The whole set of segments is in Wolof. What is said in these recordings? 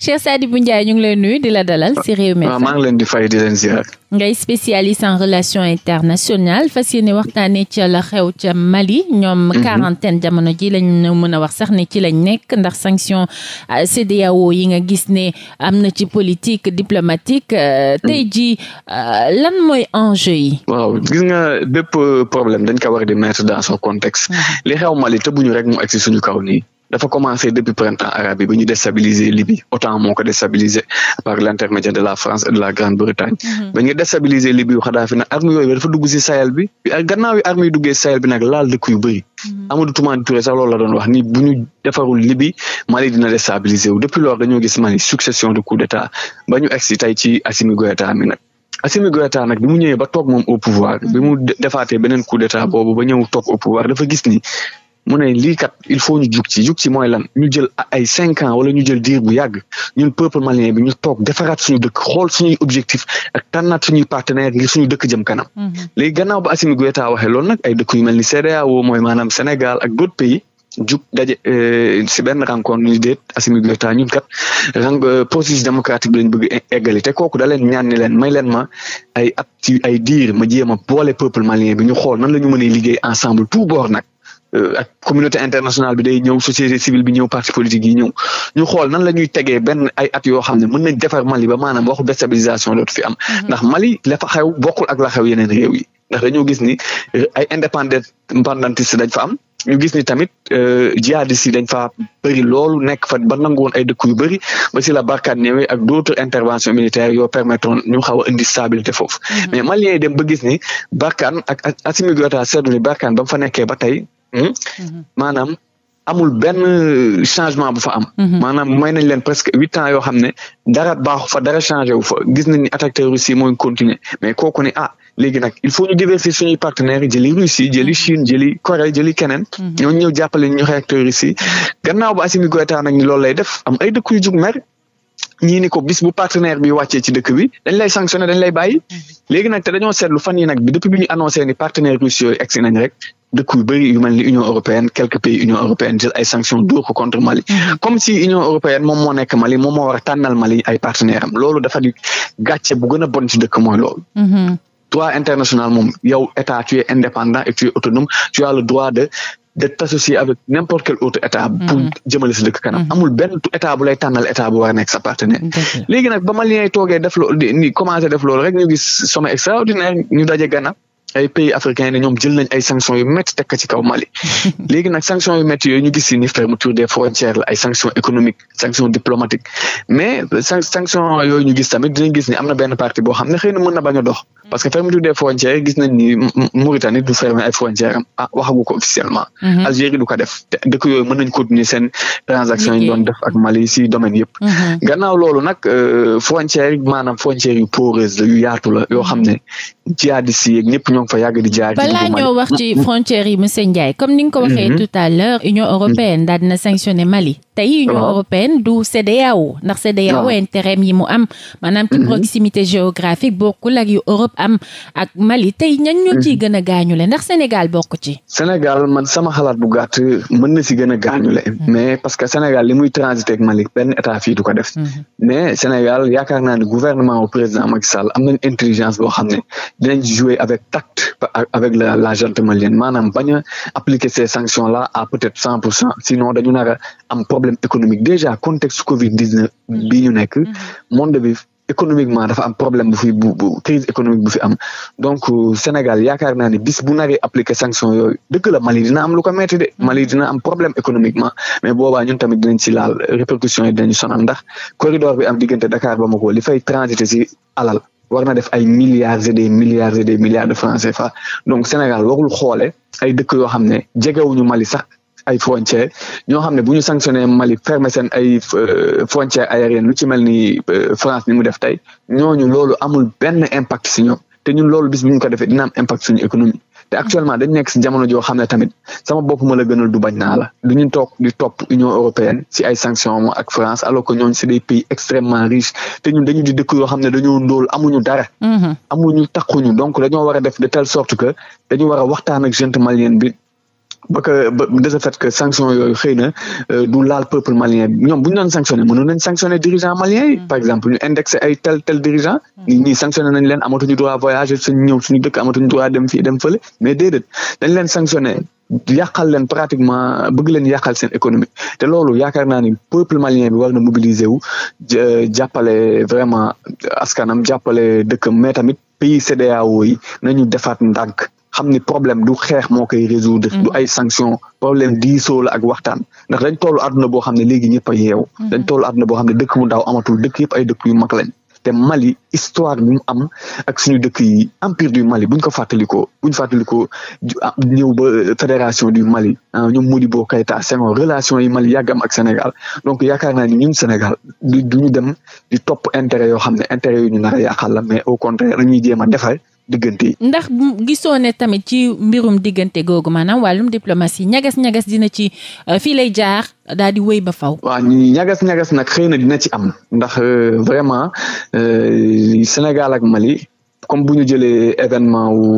Cheikh bu Ndiaye ñu ngi lay nuyu di la dalal si Rewmi FM ah, maa ngi leen di fay di leen ziar. ngay spécialiste en relations internationales fas yéene waxtaanee ca la xew ca Mali ñoom mhm. quarantaine jamono ji lañ mën a wax sax ni ci lañ nekk ndax sanction euh, CEDEAO yi nga gis ne am na ci politique diplomatique euh, mhm. tey ji euh, lan mooy enjeu yi waaw gis nga bépp problème dañ ko war di mettre dans son contexte mhm. li xew Mali te bu ñu rek mu agsi suñu kaw nii dafa commencé depuis printemps arabe yi ba ñu déstabiliser Libye OTAN moo ko déstabiliser par l'intermédiaire de la France et de la Grande-Bretagne. Mhm. ba ñu déstabiliser Libye Kadhafi nag arme yooyu dafa dugg si Sahel bi bi gannaaw yi arme yi duggee Sahel bi nag laal dëkk yu bëri. Mhm. Amadou la doon wax ni bu ñu defarul Libye Mali dina déstabiliser wu depuis lors dañoo gis Mali succession de coup d'état ba ñu agsi tey ci Assimi Goïta mi nag. Assimi Goïta nag bi mu ñëwee ba toog moom au pouvoir bi mu defaatee beneen coup d'état boobu ba ñëw toog au pouvoir dafa gis ni mu ne lii kat il faut ñu jug ci jug ci mooy lan ñu jël ay cinq ans wala ñu jël diir bu yàgg ñun peuple malien bi ñu toog defaraat suñu dëkk xool suñuy objectif ak tànnaat suñuy partenaire ngir suñu dëkk jëm kanam. Mm-hmm. léegi gannaaw ba Assimi Goïta waxee loolu nag ay dëkk yu mel ni CEDEAO mooy maanaam Sénégal ak d'autres pays. jug daje euh, si benn rencontre ñu déet Assimi Goïta ñun kat ren euh, processus démocratique bi lañ bëgg égalité e-, kooku da leen ñaan ni leen may leen ma ay at ci ay diir ma jéem bi ñu xool nan la ñu mën a liggéey ensemble tout bord nag. Euh, ak communauté internationale bi day ñëw société civile bi ñëw parti politique yi ñu xool nan la ñuy tegee benn ay at yoo xam ne mën nañ defar Mali ba maanaam waxu déstabilisation dootu fi am mhm. ndax Mali la fa xew bokkul ak la xew yeneen réew yi ndax dañoo gis ni euh, ay indépendantiste dañ fa am ñu gis ni tamit euh, jihadistes yi dañ fa bëri loolu nekk fa ba nangu woon ay dëkk yu bëri ba si la barkaat ñëwee ak d'autres interventions militaires yoo permettre ñu xaw a indi stabilité foofu mhm. mais Maliens yi dem ba gis ni fa nekkee ba tey Hmm? Mhm. maanaam amul benn changement bu fa am. Mhm. maanaam may nañ leen presque huit ans yoo xam ne dara baaxu fa dara changé wu fa gis nañ ni attaque terroriste yi mooy continuer mais kooku ne ah léegi nag il faut ñu diversifier suñuy partenaires jëli Russie jëli mhm. Chine jëli Corée jëli keneen. ñooñu ñëw jàppale ñu xeex terroriste yi gannaaw ba Assimi Goïta nag ni loolu lay def am ay dëkk jug mer ñii ni bis bu partenaire bi wàccee ci dëkk bi dañ lay sanctionné dañ lay bàyyi mhm. léegi nag te dañoo seetlu fan yi nag bi depuis bi ñu partenaire russe yooyu rek dëkk yu yu mel Union européenne quelques pays Union européenne jël ay sanctions dóor contre Mali mhm. comme si Union européenne moom moo Mali moom moo war a tànnal Mali ay partenaire am loolu dafa di gàcce bu gën a bon ci dëkk mooy loolu mhm. droit international moom yow état tu es de t'associer avec n'importe quel autre état. Mhm. pour jëmale si dëkk kanam. Mhm. amul benn état bu lay tànnal état bu war a nekk sa partenaire. léegi nag ba Maliens yi toogee def loolu ni commencé def loolu rek ñu gis sommet extraordinaire ñu daje Ghana. ay pays africains ne ñoom jël nañ ay sanctions yu métti teg ci kaw Mali léegi nag sanctions yu métti yooyu ñu gis si ni fermeture des frontières la ay sanctions économiques sanctions diplomatiques mais sanctions yooyu ñu gis tamit dinañ gis ni am na benn parti boo xam ne xëy na mën na bañ a dox hmm. parce que fermeture des frontières gis nañ ni Mauritanie du fermer ay frontières am ah, waxagu ko officiellement hmm. Algérie du ko def dëkk yooyu mën nañ continuer seen transactions yi doon ñoo ngi fa yàgg balaa ñoo wax ci frontières yi monsieur Ndiaye comme ni nga ko waxee mm-hmm. tout à l'heure Union européenne mm-hmm. daal sanctionné Mali. tey union européenne du CEDEAO ndax CEDEAO intérêt yi mu am maanaam ci mhm. proximité géographique bokkul ak yu Europe am ak Mali tey ñan ñoo mhm. ciy gën a gaañule ndax Sénégal bokk ci Sénégal man sama xalaat bu gàtt mën na si gën a gaañule mhm. mais parce que Sénégal li muy transité ak Mali benn état fii du ko def mais Sénégal yaakaar naa ni gouvernement au président Macky Sall am nañ intelligence boo xam ne dinañ jouer avec tact avec la la junte malienne maanaam bañ a appliquer ces sanctions être cent pour cent sinon am problème économique déjà contexte Covid 19 bi nekk mhm. monde bi économiquement dafa am problème bu fi bu bu crise économique bu fi am donc euh, Sénégal yaakaar naa ne bis bu naree appliquer sanction yooyu dëgg la Mali am lu ko metti de mhm. Mali dina am problème économiquement mais boobaa ñun tamit dinañ ci laal répercussions yi dinañu sonal ndax corridor bi am diggante Dakar Bamako li fay transiter ci alal war na def ay milliards et des milliards et des milliards de francs CFA donc Sénégal warul xoole ay dëkk yoo xam ne jegewuñu Mali sax ay frontières ñoo xam ne bu ñu sanctionné Mali fermer seen ay euh, frontières aériennes lu ci mel ni euh, France ni mu def tey ñooñu loolu amul benn impact si ñoom te ñun loolu bis bu ñu ko defee dina am impact suñu économie te actuellement dañ nekk si jamono joo xam ne tamit sama bopp ma la gënal du bañ naa la du ñu toog di topp Union européenne si ay sanctions ak France alors que ñooñu c'est des pays extrêmement riches te ñun dañu di dëkk yoo xam ne dañoo ndóol amuñu dara. Mm-hmm. amuñu takkuñu donc dañoo war de telle sorte que dañu war a ba que ba de sanction yooyu xëy na euh, du laal peuple malien ñoom bu ñu doon sanctionné mënoon nañ sanctionné dirigeant malien yi mm. par exemple ñu indexé ay tel tel dirigeant mm. ñi ñii sanctionné nañ leen amatuñu droit voyager suñu ñëw suñu dëkk amatuñu droit dem fii dem fële mais déedéet dañ leen sanctionné yàqal leen pratiquement bëgg leen yàqal seen économie te loolu yaakaar naa ni peuple malien bi war na mobiliser wu jàppale vraiment askanam jàppale dëkkam mais tamit pays CEDEAO yi nañu defaat ndànk xam ni problème du xeex moo koy résoudre. du mm-hmm. ay sanctions problème diisoo la ak waxtaan ndax dañ toll àdduna boo xam ne léegi ñëpp a yeewu. Mm-hmm. dañ toll àdduna boo xam ne dëkk bu ndaw amatul dëkk yëpp ay dëkk yu mag lañ. te Mali histoire bi mu am ak suñu dëkk yi empire du Mali buñ ko fàttalikoo buñ fàttalikoo ah, ñëw ba euh, fédération du Mali ah, ñoom Modibo Keïta Senghor relation yi Mali yàgg ak Sénégal donc yaakaar naa ni ñun Sénégal du ñu dem di topp intérêt yoo xam ne intérêt yu ñu nar a yàqal la mais au contraire dañuy jéem a defar diggante yi. ndax gisoo ne tamit ci mbirum diggante googu maanaam wàllum diplomatie ñagas-ñagas dina ci euh, fii lay jaar daal di wéy ba faw. waaw ñagas-ñagas nag xëy na dina ci am ndax euh, vraiment euh, Sénégal ak Mali. comme bu ñu jëlee événement wu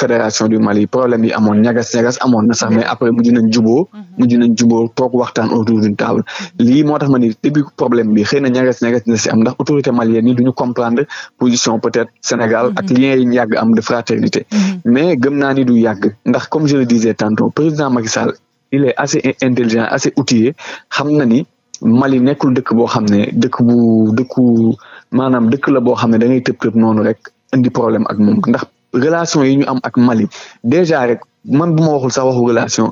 fédération du Mali problème yi amoon ñagas ñagas amoon na sax mais après mujj nañ juboo mhm. mujj nañ juboo toog waxtaan autour d'une table lii moo tax ma ni début problème bi xëy na ñagas ñagas dina si am ndax autorité malienne yi du ñu comprendre position peut-être Sénégal mhm. ak lien yi ñu yàgg am de fraternité mhm. mais gëm naa ni du yàgg ndax comme je le disais tantôt président Macky Sall il est assez intelligent assez outillé xam na ni Mali nekkul dëkk boo xam ne dëkk bu dëkku maanaam dëkk la boo xam ne da ngay tëb tëb noonu rek indi problème ak moom ndax relation yi ñu am ak Mali déjà rek man bu ma waxul sax waxu relation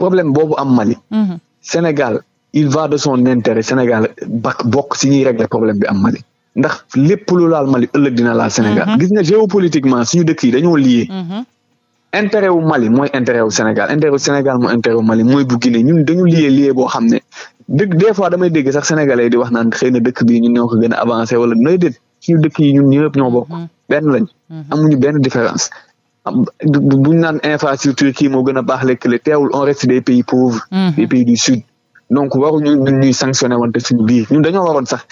problème boobu am Mali. Mhm. Sénégal il va de son intérêt Sénégal bak bokk si ñu régler bi am Mali ndax lépp lu laal Mali ëllëg dina laal Sénégal. Mhm. gis nga géopolitiquement suñu dëkk yi dañoo lié. Mhm. intérêt wu Mali mooy intérêt wu Sénégal intérêt wu Sénégal mooy intérêt wu Mali mooy bu Guinée ñun dañu lié lié boo xam ne dëgg des fois damay dégg sax sénégalais di wax naan xëy na dëkk bi ñu ñoo ko gën a avancé wala nooy déet. suñu dëkk yi ñun ñëpp ñoo bokk mm-hmm. benn lañ mm-hmm. amuñu benn différence buñ naan infrastructure kii moo gën a baax lekkale teewul on reste des pays pauvres mm-hmm. des pays du sud donc waruñu ñun ñuy sanctionné wante suñu biir ñun dañoo waroon sax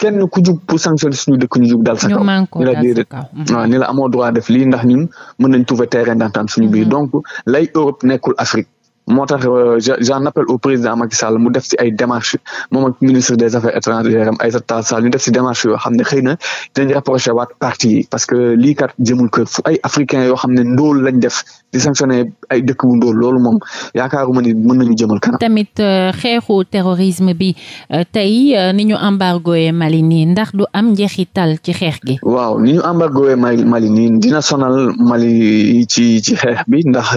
kenn ku jug pour sanctionner suñu dëkk ñu jug dal sa ni la déedéet waaw ni la amoo droit def lii ndax ñun mën nañ trouver terrain d'entente suñu biir donc lay Europe nekkul Afrique moo tax euh, j'en appelle au président Macky Sall mu def si ay démarches moom ak ministre des affaires étrangères ay Aïssata Tall Sall ñu def si démarches yoo xam ne xëy na dinañ rapproché waat parti yi parce que lii kat jëmul kër fu ay africains yoo xam ne ndóol lañ def di sanctionné ay dëkk bu ndóol loolu moom yaakaaruma ni mën nañu jëmal kanam. tamit euh, xeexu terrorisme bi euh, tey ni ñu embargoé Mali nii ndax du am njeexital ci xeex gi. waaw ni ñu embargoé Mali nii dina sonal Mali ci ci xeex bi ndax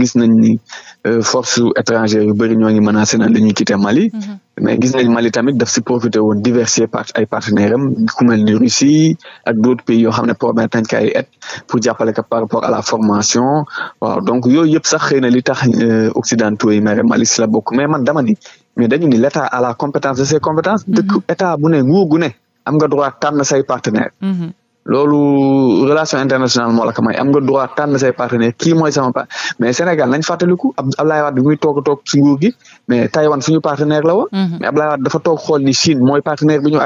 gis nañ ni. Euh, force étrangère yu bëri ñoo ngi menacé na dañuy quitté Mali. Mhm. mais gis nañ Mali tamit daf si profité woon diversifier par ay partenaires am ku mel ni Russie ak d' pays yoo xam ne promet nañ ko ay aide pour jàppale ko par rapport à la formation waaw donc yooyu yëpp sax xëy na li tax euh, occidentaux yi mere Mali si la bokk mais man dama ni mais dañu ni l' état à la compétence de ses compétences. Mhm. dëkk état bu ne nguur gu ne am nga droit tànn say partenaires. Mhm. loolu relation internationale moo la ko may am nga droit tànn say partenaire kii mooy sama pa mais Sénégal nañ fàttaliku ab Ablaye Wade bi muy toog toog ci gi mais Taïwan suñu partenaire la woon. Mhm. mais Ablaye Wade dafa toog xool ni Chine mooy partenaire bi ñu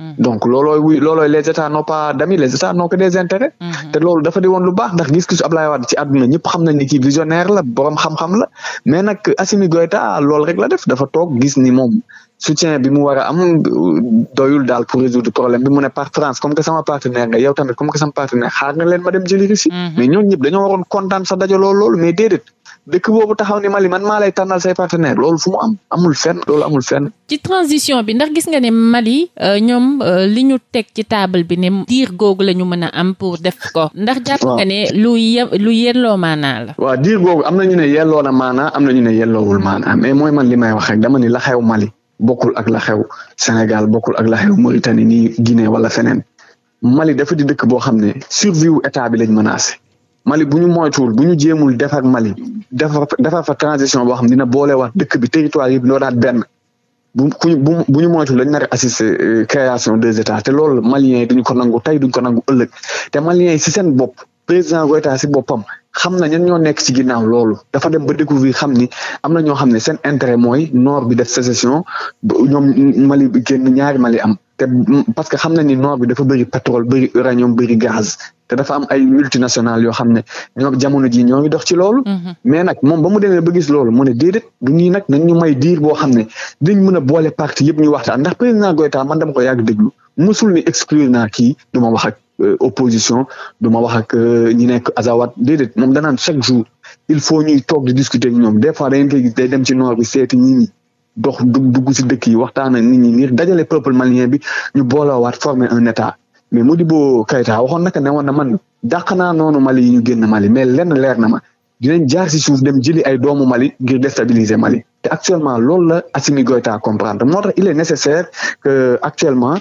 Mm-hmm. donc loolooy wuy loolooy les états n'ont pas d'amis les états n'ont que des mm-hmm. ndax gis-gisu Ablaye Wade ci àdduna ñëpp xam nañ ni visionnaire la borom xam-xam la mais a Assimi Goïta loolu rek la def dafa toog gis ni moom soutien bi mu war a am euh, doyul daal pour résoudre problème bi ne par France comme que sama partenaire nga yow tamit comme que partenaire xaar leen ma dem jëli Russie mm-hmm. mais ñooñu ñëpp dañoo waroon kontaan sax dajaloo loolu mais déedéet. dëkk boobu taxaw ni Mali man maa lay tànnal say partenaire loolu fu mu am amul fenn amul fenn. ci transition bi ndax gis nga ne Mali euh, ñoom euh, li ñu teg ci taabal bi ne diir googu la ñu mën a am pour def ko. ndax jàpp nga ne lu ye lu yelloo maanaa la. waaw diir googu am na ñu ne yelloo na am na ñu ne yelloowul maana mais mooy man li may wax rek dama ni la xew Mali bokkul ak la xew Sénégal bokkul ak la xew Mauritanie nii Guinée wala feneen Mali dafa di dëkk boo xam ne survie wu état bi lañ menacé. Mali bu ñu moytuwul bu ñu jéemul defar Mali defar defar fa transition boo xam dina boole wax dëkk bi territoire yi doo daat benn bu bu bu ñu moytuwul dañ nar a assister euh, création des états te loolu Maliens yi duñ ko nangu tey duñ ko nangu ëllëg te Maliens yi si seen bopp président ta si boppam xam na ñan ñoo nekk ci ginnaaw loolu dafa dem ba découvrir xam ni am na ñoo xam ne seen intérêt mooy nord bi def sécession ñoom Mali bi génn ñaari Mali am te parce que xam na ni nord bi dafa bëri pétrole bëri uranium bëri gaz te dafa am ay multinationales yoo xam ne ñoom jamono jii ñoo ngi dox ci loolu. Mhm. mais nag moom ba mu demee ba loolu mu ne déedéet du nii nag nañ ñu may diir boo xam ne dañ mën a boole parti yëpp ñu waxtaan ndax président naa kii du ma wax ak euh, opposition du euh, moom danaan chaque jour il faut ñuy toog di discuter ak ñoom des fois dañ koy gis day dem ci noor bi seeti ñi ñi dox dugg dugg si dëkk yi waxtaan a nit ñi ngir dajale peuple malien bi ñu booloowaat former un état. mais Modibo Keita waxoon naka ne woon na man dàq naa noonu Mali yi ñu génn Mali mais lenn leer na ma dinañ jaar si suuf dem jëli ay doomu Mali ngir déstabiliser Mali te actuellement loolu la Assimi Goïta comprendre moo ta il est nécessaire que actuellement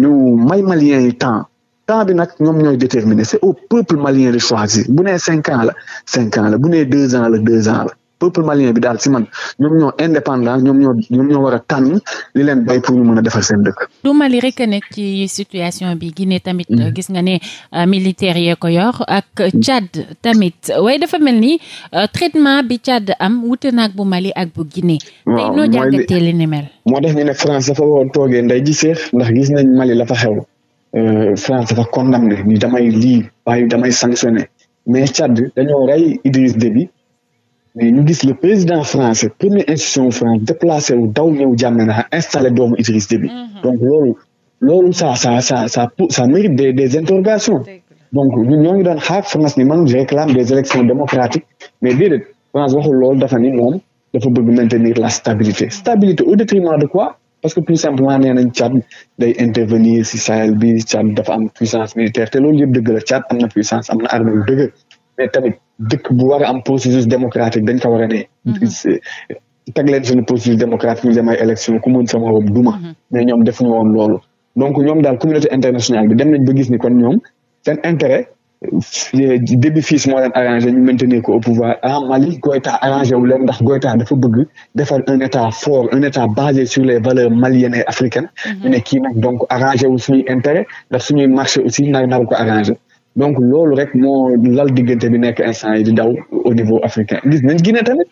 ñu may Maliens yi temps temps bi nag ñoom ñooy déterminer c'est au peuple malien de choisir bu nee cinq ans la cinq ans la bu nee deux ans la deux ans la peuple malien bi daal si man ñoom ñoo indépendant ñoom ñoo ñoom ñoo a tànn li leen bay pour ñu mën a defar seen dëkk. du Mali rek nekk ci situation bi Guinée tamit. Mm-hmm. gis nga ne euh, militaire yee ko yor ak Tchad tamit waaye dafa mel ni euh, traitement bi Tchad am wute naag bu Mali ak bu Guinée. waaw mooy li ni mel. moo def ñu ne France dafa waroon toogee nday ji gis nañ Mali la fa xew. Euh, France dafa condamné ni damay lii waaye damay sanctionné mais Tchad dañoo rey Idriss Déby. mais ñu gis le président français première institution France déplacé wu daw ñëw Diamena installé doomu Idriss Déby mhm. donc loolu loolu ça ça ça ça ça mérite des des interrogations donc ñun ñoo ngi doon xaar France ni man je réclame des élections démocratiques mais déedéet France waxul lool dafa ni moom dafa bëgg maintenir la stabilité mhm. stabilité au détriment de quoi parce que plus simplement nee nañ Tchad day intervenir si Sahel bi Tchad dafa am puissance militaire te loolu yëpp dëgg la Tchad am am na armée yu dëgg dëkk bu war a am processus démocratique dañ ko war a ne mhm. eh, teg leen suñu processus démocratique ñu dem ay élection ku mën sama morom duma mhm. mais ñoom defuñu woon loolu donc ñoom daal communauté internationale bi dem nañ ba gis ni kon ñoom seen intérêt eh, début fiis moo leen arrangé ñu maintenir ko au pouvoir ah Mali Goïta arrangé wu leen ndax Goïta dafa bëgg defar un état fort un état basé sur les valeurs maliennes et africaines mhm. ñu ne kii nag donc arrangé wu suñuy intérêt ndax suñuy donc loolu rek moo lal diggante bi nekk instant yi di daw au niveau africain gis nañ Guinée tamit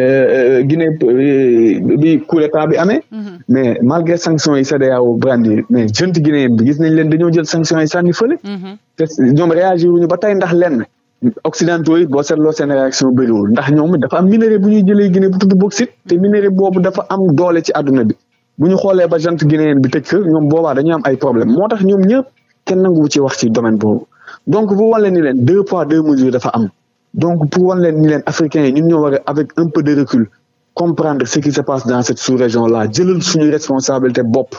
euh, euh, Guinée euh, bi coup d'état bi amee mhm. mais malgré sanctions yi CEDEAO brandi mais jeune guinéen bi gis nañ leen dañoo jël sanctions yi sànni fële mhm. ñoom réagir wuñu ba tey ndax lenn occidentaux yi boo seetloo seen réaction bëriwul ndax ñoom dafa am minerai bu ñuy jëlee Guinée bu tudd bauxite te minerai boobu dafa am doole ci àdduna bi bu ñu xoolee ba jant guinéen bi tëj ñoom boobaa dañuy am ay problème moo tax ñoom ñëpp kenn nanguwu ci wax ci domaine boobu donc bu wan leen ni leen deux poids deux mesures dafa am donc pour wan leen ni leen yi ñun ñoo war a avec un peu de recul comprendre ce qui se passe dans cette sous-région là jëlal suñu responsabilité bopp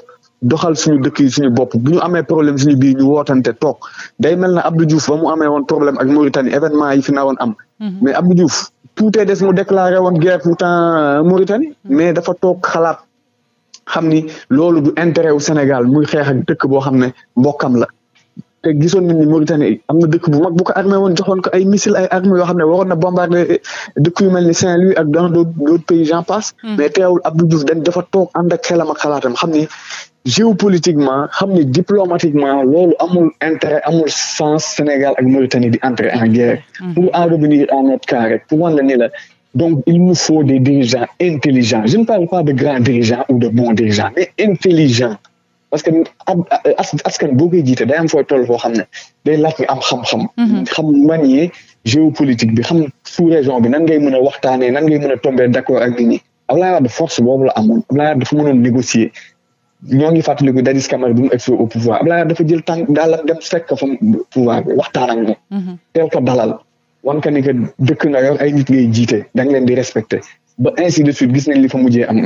doxal suñu dëkk yi suñu bopp bu ñu amee problème suñu biir ñu wootante toog day mel na Abdou Diouf ba mu amee woon problème ak Mauritanie événement yi fi naa woon am. Mhm. mais Abdou Diouf tuutee des mu déclaré woon guerre pourtant euh, Mauritanie. Mhm. mais dafa toog xalaat xam ni loolu du intérêt wu Sénégal muy xeex dëkk boo xam ne mbokkam la. te gisoon nañ ni Mauritanie am na dëkk bu mag bu ko armé woon joxoon ko ay missile ay armes yoo xam ne waroon na bombarder dëkk yu mel ni Saint-Louis ak dans d'autres pays j'en passe hmm. mais teewul Abdou Diouf dañ dafa toog ànd ak xelam ak xalaatam xam ni géopolitiquement xam ni diplomatiquement loolu amul intérêt amul sens Sénégal ak Mauritanie di entrer en guerre hmm. pour en revenir à notre cas rek pour wan la ni la donc il nous faut des dirigeants intelligents je ne parle pas de grands parce que askan boo koy jiite day am fooy toll foo xam ne day laaj ñu am xam-xam. Mhm. xam manier géopolitique bi xam sous-région bi nan ngay mën a waxtaanee nan ngay mën a tombé d'accord ak nit ñi Abdoulaye Wade force boobu la amoon Abdoulaye Wade dafa mënoon négocier ñoo ngi fàttaliku Dadis Camara bi mu egsi au pouvoir Abdoulaye Wade dafa jël tànk daalam dem fekk fa pouvoir bi waxtaan ak mhm. ko dalal wan ka dëkk nga yor ay nit ngay jiite da leen di respecté ba ainsi de suite gis nañ li fa mujjee am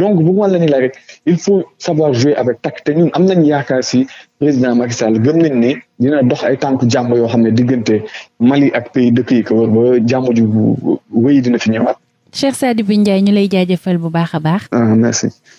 donc bu ma la ni la rek il faut savoir jouer avec tact te ñun am nañ yaakaar si président Macky Sall gëm nañ ne dina dox ay tànku jàmm yoo xam ne diggante Mali ak pays dëkk yi ko wër ba jàmm ju wéy dina fi ñëwaat. Cheikh Sadibou Ndiaye ñu lay jaajëfal bu baax a baax. Ah, merci.